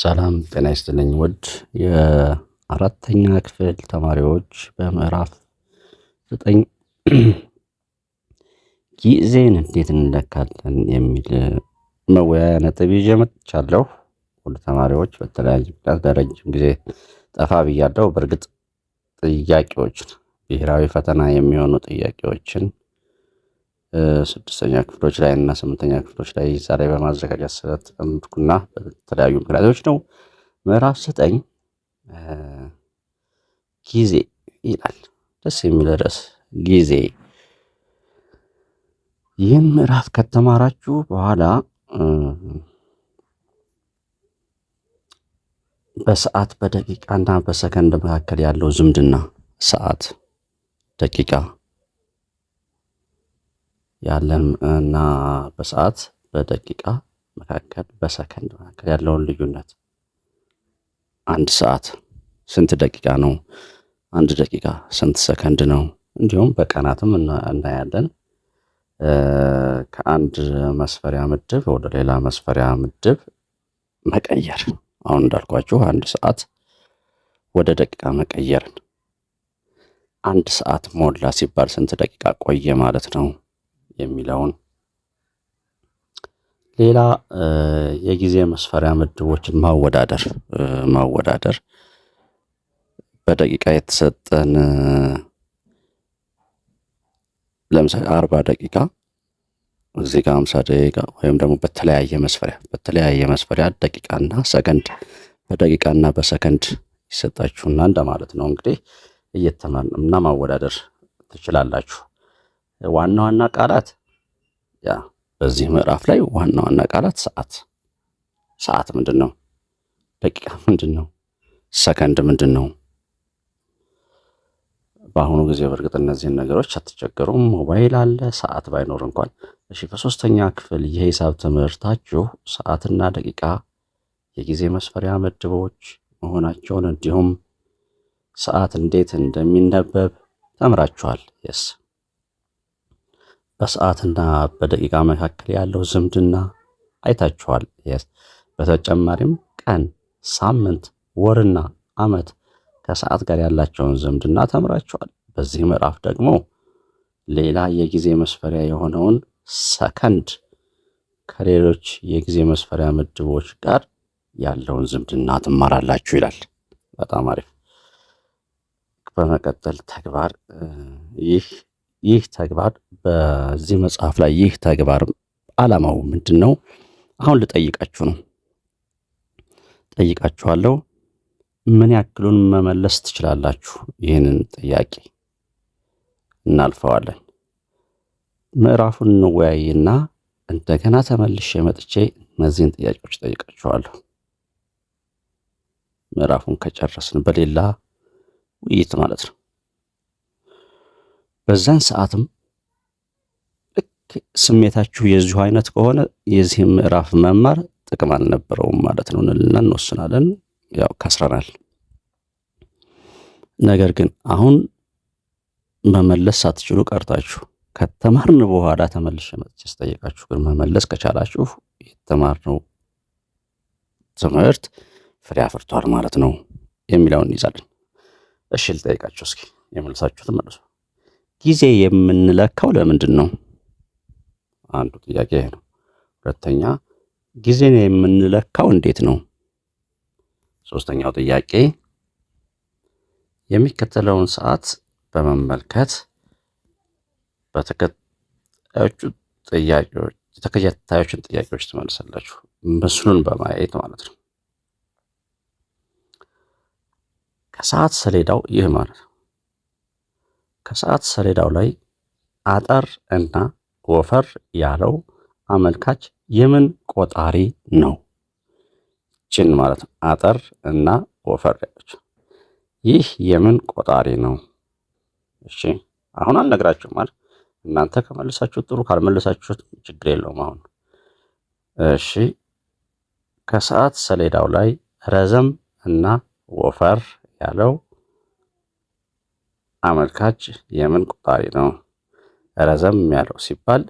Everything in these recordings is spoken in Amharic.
ሰላም ጤና ይስጥልኝ ውድ የአራተኛ ክፍል ተማሪዎች በምዕራፍ ዘጠኝ ጊዜን እንዴት እንለካለን የሚል መወያያ ነጥብ ይዤ መጥቻለሁ። ሁሉ ተማሪዎች በተለያየ ምክንያት ለረጅም ጊዜ ጠፋ ብያለሁ። በእርግጥ ጥያቄዎችን ብሔራዊ ፈተና የሚሆኑ ጥያቄዎችን ስድስተኛ ክፍሎች ላይ እና ስምንተኛ ክፍሎች ላይ ዛሬ በማዘጋጀት ስለተጠመድኩና በተለያዩ ምክንያቶች ነው። ምዕራፍ ዘጠኝ ጊዜ ይላል። ደስ የሚል ርዕስ ጊዜ። ይህን ምዕራፍ ከተማራችሁ በኋላ በሰዓት በደቂቃና በሰከንድ መካከል ያለው ዝምድና ሰዓት፣ ደቂቃ ያለን እና በሰዓት በደቂቃ መካከል በሰከንድ መካከል ያለውን ልዩነት አንድ ሰዓት ስንት ደቂቃ ነው? አንድ ደቂቃ ስንት ሰከንድ ነው? እንዲሁም በቀናትም እናያለን። ከአንድ መስፈሪያ ምድብ ወደ ሌላ መስፈሪያ ምድብ መቀየር አሁን እንዳልኳችሁ አንድ ሰዓት ወደ ደቂቃ መቀየርን አንድ ሰዓት ሞላ ሲባል ስንት ደቂቃ ቆየ ማለት ነው? የሚለውን ሌላ የጊዜ መስፈሪያ ምድቦችን ማወዳደር ማወዳደር በደቂቃ የተሰጠን ለምሳሌ አርባ ደቂቃ እዚህ ጋር አምሳ ደቂቃ ወይም ደግሞ በተለያየ መስፈሪያ በተለያየ መስፈሪያ ደቂቃና ሰከንድ በደቂቃና በሰከንድ ይሰጣችሁና እንደማለት ነው። እንግዲህ እየተማርን እና ማወዳደር ትችላላችሁ። ዋና ዋና ቃላት ያ በዚህ ምዕራፍ ላይ ዋና ዋና ቃላት ሰዓት ሰዓት ምንድን ነው? ደቂቃ ምንድን ነው? ሰከንድ ምንድን ነው? በአሁኑ ጊዜ በእርግጥ እነዚህን ነገሮች አትቸገሩም። ሞባይል አለ። ሰዓት ባይኖር እንኳን እሺ። በሶስተኛ ክፍል የሂሳብ ትምህርታችሁ ሰዓትና ደቂቃ የጊዜ መስፈሪያ ምድቦች መሆናቸውን እንዲሁም ሰዓት እንዴት እንደሚነበብ ተምራችኋል። የስ በሰዓትና በደቂቃ መካከል ያለው ዝምድና አይታችኋል። በተጨማሪም ቀን፣ ሳምንት፣ ወርና ዓመት ከሰዓት ጋር ያላቸውን ዝምድና ተምራችኋል። በዚህ ምዕራፍ ደግሞ ሌላ የጊዜ መስፈሪያ የሆነውን ሰከንድ ከሌሎች የጊዜ መስፈሪያ ምድቦች ጋር ያለውን ዝምድና ትማራላችሁ ይላል። በጣም አሪፍ። በመቀጠል ተግባር ይህ ይህ ተግባር በዚህ መጽሐፍ ላይ ይህ ተግባር ዓላማው ምንድን ነው? አሁን ልጠይቃችሁ ነው። ጠይቃችኋለሁ። ምን ያክሉን መመለስ ትችላላችሁ? ይህንን ጥያቄ እናልፈዋለን። ምዕራፉን እንወያይና እንደገና ተመልሼ መጥቼ እነዚህን ጥያቄዎች ጠይቃችኋለሁ። ምዕራፉን ከጨረስን በሌላ ውይይት ማለት ነው። በዛን ሰዓትም ልክ ስሜታችሁ የዚሁ አይነት ከሆነ የዚህ ምዕራፍ መማር ጥቅም አልነበረውም ማለት ነው እንልና እንወስናለን። ያው ከስረናል። ነገር ግን አሁን መመለስ ሳትችሉ ቀርታችሁ ከተማርን በኋላ ተመልሼ መጥቼ ስጠይቃችሁ ግን መመለስ ከቻላችሁ የተማርነው ትምህርት ፍሬ አፍርቷል ማለት ነው የሚለውን እንይዛለን። እሺ ልጠይቃችሁ እስኪ የመልሳችሁ ትመልሱ። ጊዜ የምንለካው ለምንድን ነው? አንዱ ጥያቄ ይሄ ነው። ሁለተኛ ጊዜን የምንለካው እንዴት ነው? ሶስተኛው ጥያቄ የሚከተለውን ሰዓት በመመልከት በተከታዮቹ ጥያቄዎች የተከታዮችን ጥያቄዎች ትመልሳላችሁ መስሉን በማየት ማለት ነው። ከሰዓት ሰሌዳው ይህ ማለት ነው። ከሰዓት ሰሌዳው ላይ አጠር እና ወፈር ያለው አመልካች የምን ቆጣሪ ነው? ችን ማለት ነው። አጠር እና ወፈር ያለች ይህ የምን ቆጣሪ ነው? እሺ አሁን አልነግራችሁም ማለት እናንተ ከመለሳችሁ ጥሩ፣ ካልመለሳችሁት ችግር የለውም። አሁን እሺ፣ ከሰዓት ሰሌዳው ላይ ረዘም እና ወፈር ያለው አመልካች የምን ቆጣሪ ነው? ረዘም ያለው ሲባል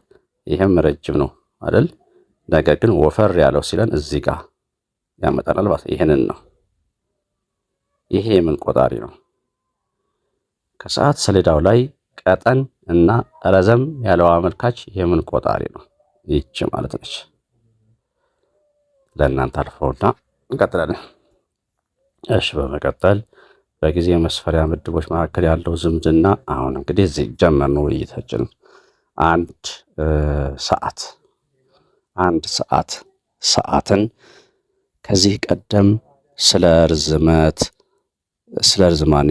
ይህም ረጅም ነው አይደል? ነገር ግን ወፈር ያለው ሲለን እዚህ ጋር ያመጣናል ማለት ይህንን ነው። ይሄ የምን ቆጣሪ ነው? ከሰዓት ሰሌዳው ላይ ቀጠን እና ረዘም ያለው አመልካች የምን ቆጣሪ ነው? ይች ማለት ነች። ለእናንተ አልፈውና እንቀጥላለን። እሺ በመቀጠል በጊዜ መስፈሪያ ምድቦች መካከል ያለው ዝምድና አሁን እንግዲህ እዚህ ጀመርነው ውይይታችን። አንድ ሰዓት አንድ ሰዓት ሰዓትን ከዚህ ቀደም ስለ ርዝመት ስለ ርዝማኔ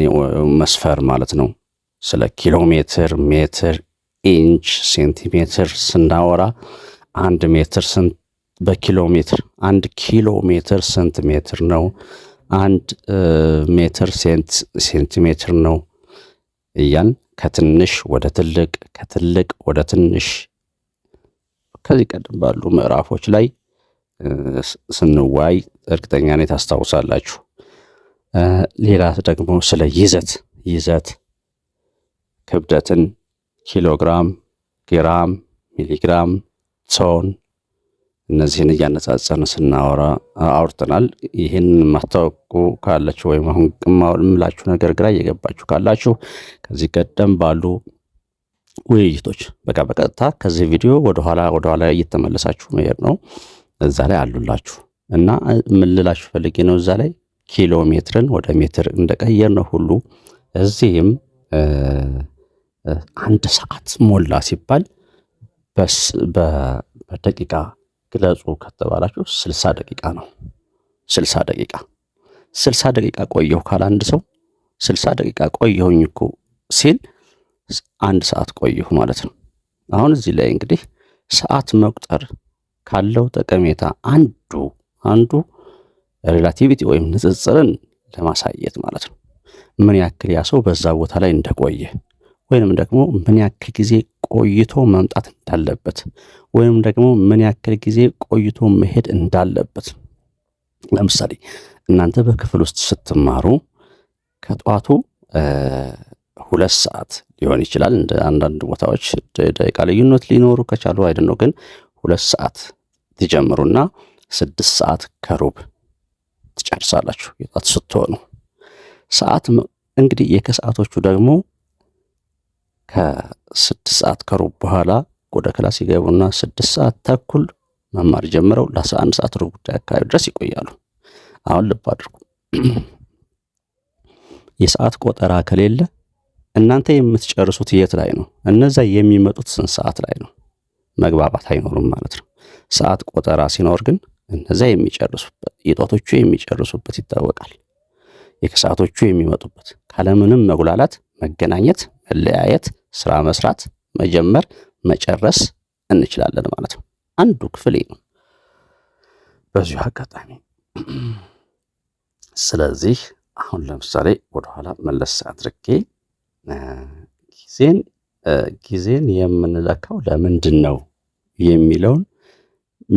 መስፈር ማለት ነው ስለ ኪሎ ሜትር፣ ሜትር፣ ኢንች፣ ሴንቲሜትር ስናወራ አንድ ሜትር በኪሎ ሜትር አንድ ኪሎ ሜትር ስንት ሜትር ነው? አንድ ሜትር ሴንቲሜትር ነው እያን ከትንሽ ወደ ትልቅ ከትልቅ ወደ ትንሽ ከዚህ ቀደም ባሉ ምዕራፎች ላይ ስንዋይ እርግጠኛ ነኝ ታስታውሳላችሁ። ሌላ ደግሞ ስለ ይዘት ይዘት ክብደትን ኪሎግራም፣ ግራም፣ ሚሊግራም፣ ቶን እነዚህን እያነጻጸን ስናወራ አውርተናል። ይህን ማስታወቁ ካላችሁ ወይም አሁን ቅማምላችሁ ነገር ግራ እየገባችሁ ካላችሁ ከዚህ ቀደም ባሉ ውይይቶች በቃ በቀጥታ ከዚህ ቪዲዮ ወደኋላ ወደኋላ እየተመለሳችሁ መሄድ ነው። እዛ ላይ አሉላችሁ እና ምልላችሁ ፈልጌ ነው። እዛ ላይ ኪሎ ሜትርን ወደ ሜትር እንደቀየር ነው ሁሉ እዚህም አንድ ሰዓት ሞላ ሲባል በደቂቃ ግለጹ ከተባላችሁ ስልሳ ደቂቃ ነው። ስልሳ ደቂቃ ስልሳ ደቂቃ ቆየሁ ካለ አንድ ሰው ስልሳ ደቂቃ ቆየሁኝ እኮ ሲል አንድ ሰዓት ቆየሁ ማለት ነው። አሁን እዚህ ላይ እንግዲህ ሰዓት መቁጠር ካለው ጠቀሜታ አንዱ አንዱ ሬላቲቪቲ ወይም ንጽጽርን ለማሳየት ማለት ነው። ምን ያክል ያ ሰው በዛ ቦታ ላይ እንደቆየ ወይንም ደግሞ ምን ያክል ጊዜ ቆይቶ መምጣት እንዳለበት ወይም ደግሞ ምን ያክል ጊዜ ቆይቶ መሄድ እንዳለበት። ለምሳሌ እናንተ በክፍል ውስጥ ስትማሩ ከጠዋቱ ሁለት ሰዓት ሊሆን ይችላል። እንደ አንዳንድ ቦታዎች ደቂቃ ልዩነት ሊኖሩ ከቻሉ አይደኖ ነው። ግን ሁለት ሰዓት ትጀምሩና ስድስት ሰዓት ከሩብ ትጨርሳላችሁ የጧት ስትሆኑ። ሰዓት እንግዲህ የከሰዓቶቹ ደግሞ ከስድስት ሰዓት ከሩብ በኋላ ወደ ክላስ ይገቡና ስድስት ሰዓት ተኩል መማር ጀምረው ለአስራ አንድ ሰዓት ሩብ ጉዳይ አካባቢ ድረስ ይቆያሉ። አሁን ልብ አድርጉ፣ የሰዓት ቆጠራ ከሌለ እናንተ የምትጨርሱት የት ላይ ነው? እነዛ የሚመጡት ስንት ሰዓት ላይ ነው? መግባባት አይኖሩም ማለት ነው። ሰዓት ቆጠራ ሲኖር ግን እነዛ የሚጨርሱበት የጧቶቹ የሚጨርሱበት ይታወቃል። የከሰዓቶቹ የሚመጡበት ካለምንም መጉላላት መገናኘት መለያየት፣ ስራ መስራት፣ መጀመር፣ መጨረስ እንችላለን ማለት ነው። አንዱ ክፍል ነው በዚሁ አጋጣሚ። ስለዚህ አሁን ለምሳሌ ወደኋላ መለስ አድርጌ ጊዜን ጊዜን የምንለካው ለምንድን ነው የሚለውን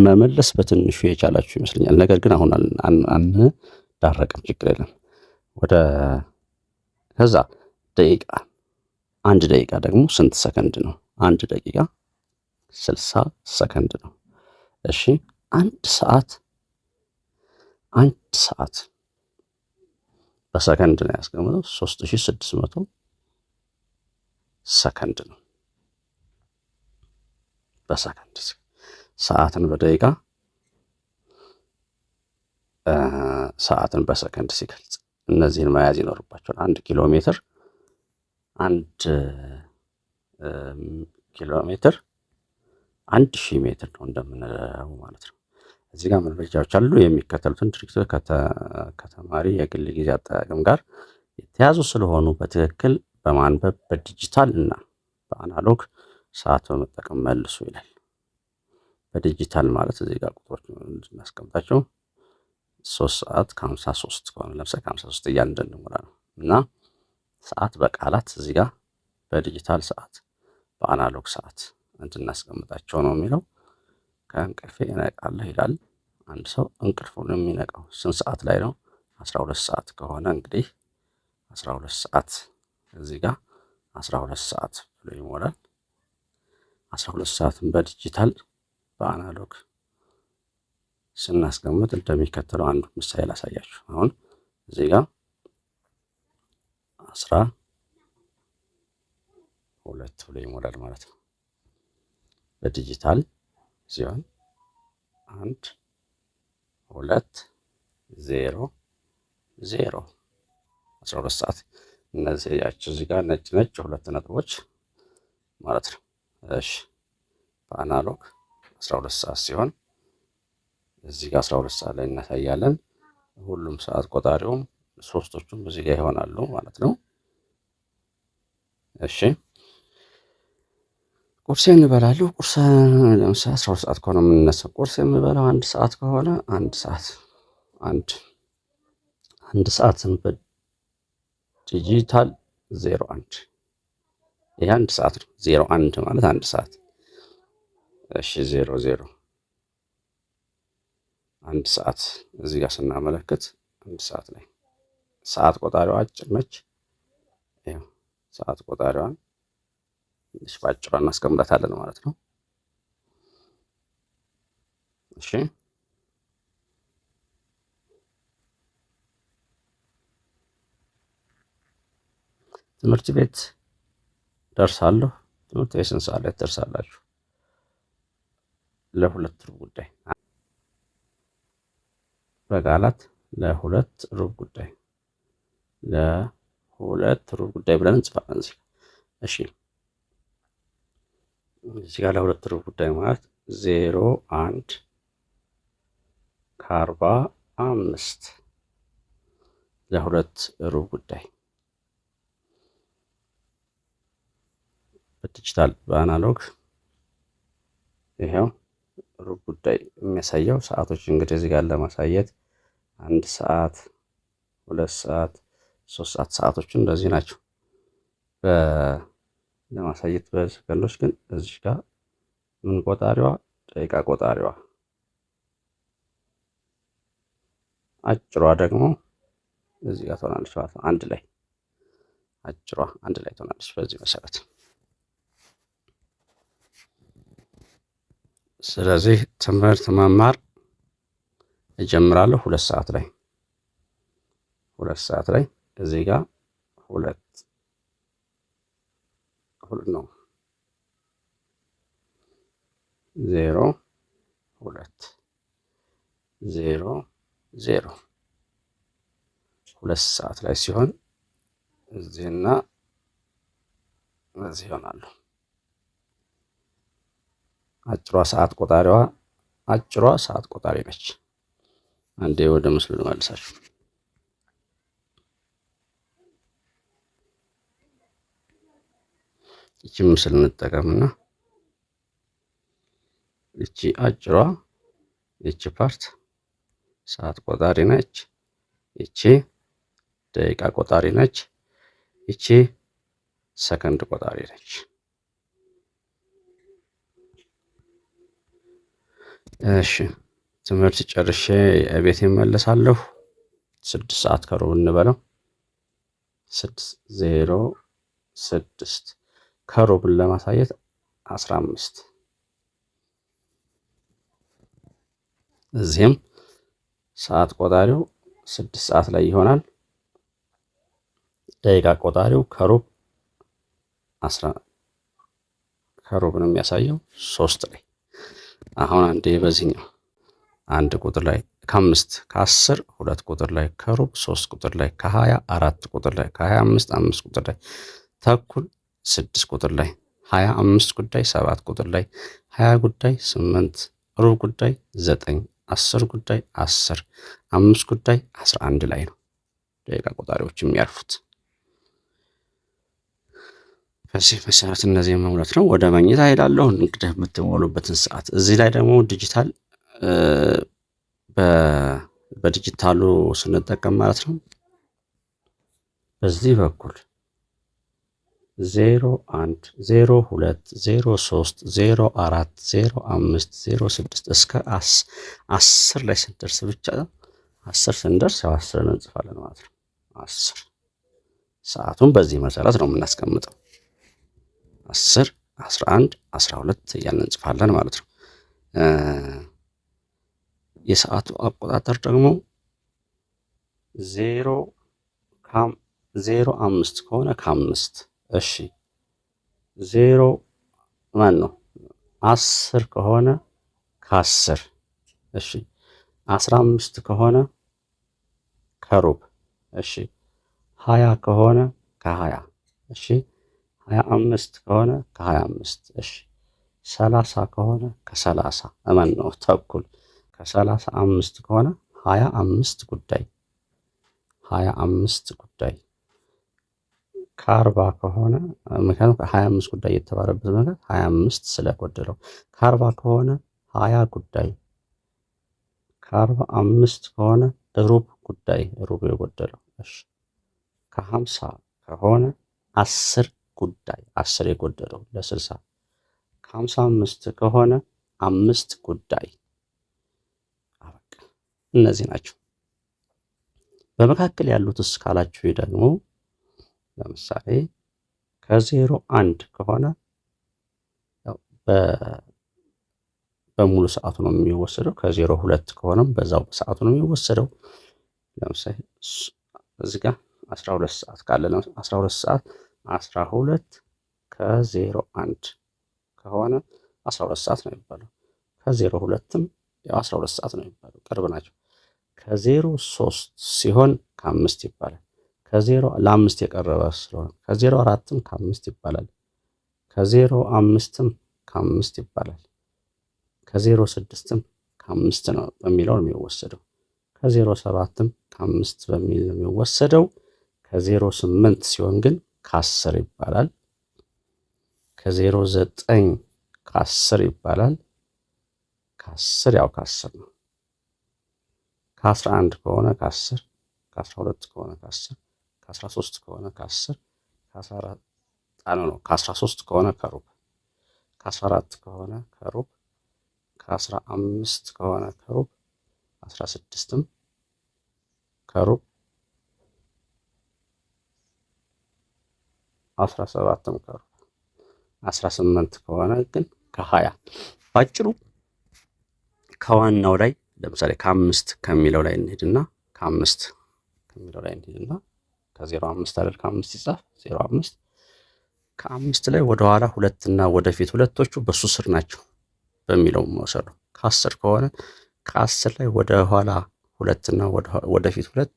መመለስ በትንሹ የቻላችሁ ይመስለኛል። ነገር ግን አሁን አንዳረቅም፣ ችግር የለም። ወደ ከዛ ደቂቃ አንድ ደቂቃ ደግሞ ስንት ሰከንድ ነው? አንድ ደቂቃ ስልሳ ሰከንድ ነው። እሺ አንድ ሰዓት አንድ ሰዓት በሰከንድ ነው ያስቀምጠው። ሶስት ሺ ስድስት መቶ ሰከንድ ነው በሰከንድ ሰዓትን በደቂቃ ሰዓትን በሰከንድ ሲገልጽ እነዚህን መያዝ ይኖርባቸዋል። አንድ ኪሎ ሜትር አንድ ኪሎ ሜትር አንድ ሺህ ሜትር ነው እንደምንለው ማለት ነው። እዚህ ጋር መረጃዎች አሉ። የሚከተሉትን ድርጊቶች ከተማሪ የግል ጊዜ አጠቃቀም ጋር የተያዙ ስለሆኑ በትክክል በማንበብ በዲጂታል እና በአናሎግ ሰዓት በመጠቀም መልሱ ይላል። በዲጂታል ማለት እዚህ ጋር ቁጥሮች እንድናስቀምጣቸው ሶስት ሰዓት ከሀምሳ ሶስት ከሆነ ለምሳሌ ከሀምሳ ሶስት እያልን ሙላ ነው እና ሰዓት በቃላት እዚህ ጋር በዲጂታል ሰዓት በአናሎግ ሰዓት እንድናስቀምጣቸው ነው የሚለው። ከእንቅልፌ እነቃለሁ ይላል። አንድ ሰው እንቅልፉን የሚነቃው ስንት ሰዓት ላይ ነው? አስራ ሁለት ሰዓት ከሆነ እንግዲህ አስራ ሁለት ሰዓት እዚህ ጋር አስራ ሁለት ሰዓት ብሎ ይሞላል። አስራ ሁለት ሰዓትን በዲጂታል በአናሎግ ስናስቀምጥ እንደሚከተለው አንዱ ምሳሌ ላሳያችሁ። አሁን እዚህ ጋር አስራ ሁለት ብሎ ይሞላል ማለት ነው። በዲጂታል ሲሆን አንድ ሁለት ዜሮ ዜሮ አስራ ሁለት ሰዓት እነዚህ ያቸው እዚህ ጋር ነጭ ነጭ ሁለት ነጥቦች ማለት ነው። እሺ በአናሎግ አስራ ሁለት ሰዓት ሲሆን እዚህ ጋር አስራ ሁለት ሰዓት ላይ እናሳያለን። ሁሉም ሰዓት ቆጣሪውም ሶስቶቹም እዚህ ጋር ይሆናሉ ማለት ነው። እሺ ቁርሴን እንበላለሁ። ቁርስ ለምሳ አስራ ሁለት ሰዓት ከሆነ የምንነሳው ቁርስ የምበላው አንድ ሰዓት ከሆነ አንድ ሰዓት አንድ አንድ ሰዓት ስንበድ ዲጂታል ዜሮ አንድ ይህ አንድ ሰዓት ነው። ዜሮ አንድ ማለት አንድ ሰዓት እሺ ዜሮ ዜሮ አንድ ሰዓት እዚህ ጋር ስናመለክት አንድ ሰዓት ላይ ሰዓት ቆጣሪዋ አጭር ነች። ሰዓት ቆጣሪዋን ትንሽ በአጭሯ እናስቀምጣታለን ማለት ነው። እሺ ትምህርት ቤት ደርሳለሁ። ትምህርት ቤት ስንት ሰዓት ላይ ትደርሳላችሁ? ለሁለት ሩብ ጉዳይ በቃላት ለሁለት ሩብ ጉዳይ ለሁለት ሩብ ጉዳይ ብለን እንጽፋለን። እዚህ እሺ፣ እዚህ ጋር ለሁለት ሩብ ጉዳይ ማለት ዜሮ አንድ ከአርባ አምስት ለሁለት ሩብ ጉዳይ በዲጂታል በአናሎግ ይኸው ሩብ ጉዳይ የሚያሳየው ሰዓቶች እንግዲህ እዚህ ጋር ለማሳየት አንድ ሰዓት ሁለት ሰዓት ሶስት ሰዓት ሰዓቶች እንደዚህ ናቸው። ለማሳየት በሰከንዶች ግን እዚህ ጋር ምን ቆጣሪዋ ደቂቃ ቆጣሪዋ አጭሯ ደግሞ እዚህ ጋር ትሆናለች ማለት ነው። አንድ ላይ አጭሯ አንድ ላይ ትሆናለች። በዚህ መሰረት ስለዚህ ትምህርት መማር እጀምራለሁ ሁለት ሰዓት ላይ ሁለት ሰዓት ላይ እዚህ ጋር ሁለት ሁለት ነው ዜሮ ሁለት ዜሮ ዜሮ ሁለት ሰዓት ላይ ሲሆን እዚህና እዚህ ይሆናሉ። አጭሯ ሰዓት ቆጣሪዋ አጭሯ ሰዓት ቆጣሪ ነች። አንዴ ወደ ምስሉ ልመልሳችሁ። ይቺ ምስል እንጠቀምና ይቺ አጭሯ ይቺ ፓርት ሰዓት ቆጣሪ ነች። ይቺ ደቂቃ ቆጣሪ ነች። ይቺ ሰከንድ ቆጣሪ ነች። እሺ ትምህርት ጨርሼ ቤት እመለሳለሁ። ስድስት ሰዓት ከሩብ እንበለው ስድስት ዜሮ ስድስት ከሮብን ለማሳየት 15 እዚህም ሰዓት ቆጣሪው ስድስት ሰዓት ላይ ይሆናል። ደቂቃ ቆጣሪው ከሮብ ከሮብ ነው የሚያሳየው ሶስት ላይ አሁን አንዴ በዚህኛው አንድ ቁጥር ላይ ከአምስት ከአስር ሁለት ቁጥር ላይ ከሩብ ሶስት ቁጥር ላይ ከሀያ አራት ቁጥር ላይ ከሀያ አምስት አምስት ቁጥር ላይ ተኩል ስድስት ቁጥር ላይ ሀያ አምስት ጉዳይ ሰባት ቁጥር ላይ ሀያ ጉዳይ ስምንት ሩብ ጉዳይ ዘጠኝ አስር ጉዳይ አስር አምስት ጉዳይ አስራ አንድ ላይ ነው ደቂቃ ቆጣሪዎች የሚያርፉት። በዚህ መሰረት እነዚህ መሙላት ነው። ወደ መኝታ ሄዳለሁ። እንግዲህ የምትሞሉበትን ሰዓት እዚህ ላይ ደግሞ ዲጂታል በዲጂታሉ ስንጠቀም ማለት ነው በዚህ በኩል ዜሮ አንድ ዜሮ ሁለት ዜሮ ሶስት ዜሮ አራት ዜሮ አምስት ዜሮ እስከ አስር ላይ ስንደርስ ብቻ አስር ስንደርስ ያው አስርን እንጽፋለን ማለት ነው። አስር ሰዓቱን በዚህ መሰረት ነው የምናስቀምጠው። አስር አስራ አንድ አስራ ሁለት እያልን እንጽፋለን ማለት ነው። የሰዓቱ አቆጣጠር ደግሞ ዜሮ ዜሮ አምስት ከሆነ ከአምስት እሺ ዜሮ ማን ነው? አስር ከሆነ ከአስር እሺ፣ አስራ አምስት ከሆነ ከሩብ እሺ፣ ሀያ ከሆነ ከሀያ እሺ፣ ሀያ አምስት ከሆነ ከሀያ አምስት እሺ፣ ሰላሳ ከሆነ ከሰላሳ እመን ነው ተኩል ከሰላሳ አምስት ከሆነ ሀያ አምስት ጉዳይ ሀያ አምስት ጉዳይ ከአርባ ከሆነ ምክንያቱም ከሀያ አምስት ጉዳይ የተባለበት ምክንያት ሀያ አምስት ስለጎደለው ከአርባ ከሆነ ሀያ ጉዳይ ከአርባ አምስት ከሆነ ሩብ ጉዳይ ሩብ የጎደለው ከሀምሳ ከሆነ አስር ጉዳይ አስር የጎደለው ለስልሳ ከሀምሳ አምስት ከሆነ አምስት ጉዳይ እነዚህ ናቸው በመካከል ያሉት እስካላችሁ ደግሞ ለምሳሌ ከዜሮ አንድ ከሆነ በሙሉ ሰዓቱ ነው የሚወሰደው። ከዜሮ ሁለት ከሆነም በዛው በሰዓቱ ነው የሚወሰደው። ለምሳሌ እዚህ ጋር አስራ ሁለት ሰዓት ካለ አስራ ሁለት ሰዓት አስራ ሁለት ከዜሮ አንድ ከሆነ አስራ ሁለት ሰዓት ነው የሚባለው። ከዜሮ ሁለትም አስራ ሁለት ሰዓት ነው የሚባለው። ቅርብ ናቸው። ከዜሮ ሶስት ሲሆን ከአምስት ይባላል። ከዜሮ ለአምስት የቀረበ ስለሆነ ከዜሮ አራትም ከአምስት ይባላል። ከዜሮ አምስትም ከአምስት ይባላል። ከዜሮ ስድስትም ከአምስት ነው በሚለው ነው የሚወሰደው። ከዜሮ ሰባትም ከአምስት በሚል ነው የሚወሰደው። ከዜሮ ስምንት ሲሆን ግን ከአስር ይባላል። ከዜሮ ዘጠኝ ከአስር ይባላል። ከአስር ያው ከአስር ነው። ከአስራ አንድ ከሆነ ከአስር ከአስራ ሁለት ከሆነ ከአስር ከ13 ከሆነ ከ10 ከ13 ከሆነ ከሩብ ከ14 ከሆነ ከሩብ ከአስራ አምስት ከሆነ ከሩብ 16ም ከሩብ 17ም ከሩብ 18 ከሆነ ግን ከሃያ ባጭሩ ከዋናው ላይ ለምሳሌ ከአምስት ከሚለው ላይ እንሄድና ከአምስት ከሚለው ላይ እንሄድና ከዜሮ አምስት አደርግ አምስት ሲጻፍ ዜሮ አምስት ከአምስት ላይ ወደኋላ ሁለትና ወደፊት ሁለቶቹ በሱ ስር ናቸው በሚለው መውሰዱ ከአስር ከሆነ ከአስር ላይ ወደኋላ ሁለትና ወደፊት ሁለት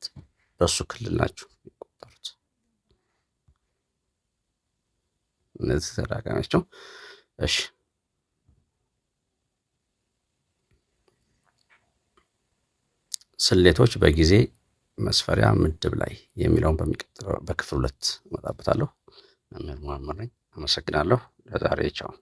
በሱ ክልል ናቸው የሚቆጠሩት እነዚህ ተዳጋሚ እሺ ስሌቶች በጊዜ መስፈሪያ ምድብ ላይ የሚለውን በሚቀጥለው በክፍል ሁለት እመጣበታለሁ። መምህር መሀመድ ነኝ። አመሰግናለሁ። ለዛሬ ቻው።